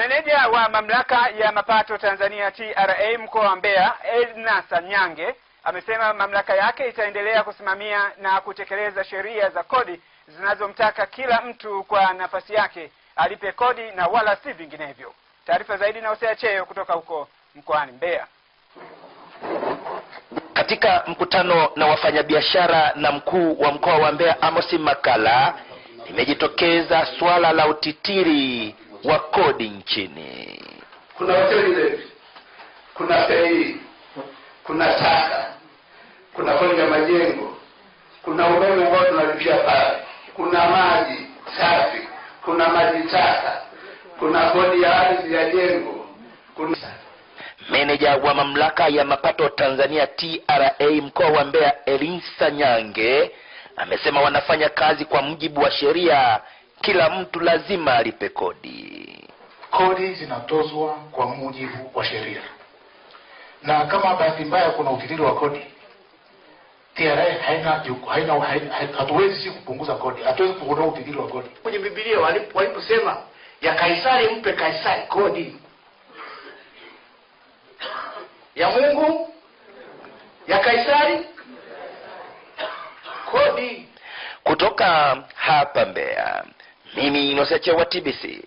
Meneja wa mamlaka ya mapato Tanzania TRA mkoa wa Mbeya, Edna Sanyange amesema mamlaka yake itaendelea kusimamia na kutekeleza sheria za kodi zinazomtaka kila mtu kwa nafasi yake alipe kodi na wala si vinginevyo. Taarifa zaidi na Hosea Cheyo kutoka huko mkoani Mbeya. Katika mkutano na wafanyabiashara na mkuu wa mkoa wa Mbeya Amosi Makala, limejitokeza swala la utitiri wa kodi nchini. Kuna hoteli zetu, kuna feri, kuna taka, kuna kodi ya majengo, kuna umeme ambao tunalipia pale, kuna maji safi, kuna maji taka, kuna kodi ya ardhi ya jengo, kuna Meneja wa mamlaka ya mapato Tanzania TRA mkoa wa Mbeya Elinsa Nyange amesema wanafanya kazi kwa mujibu wa sheria kila mtu lazima alipe kodi. Kodi zinatozwa kwa mujibu wa sheria, na kama bahati mbaya kuna utitiri wa kodi, TRA haina, haina, haina, hatuwezi si kupunguza kodi, hatuwezi kuondoa utitiri wa kodi. Kwenye Biblia waliposema ya Kaisari mpe Kaisari kodi, ya Mungu ya Kaisari kodi. Kutoka hapa Mbeya, mimi inosechewa wa TBC.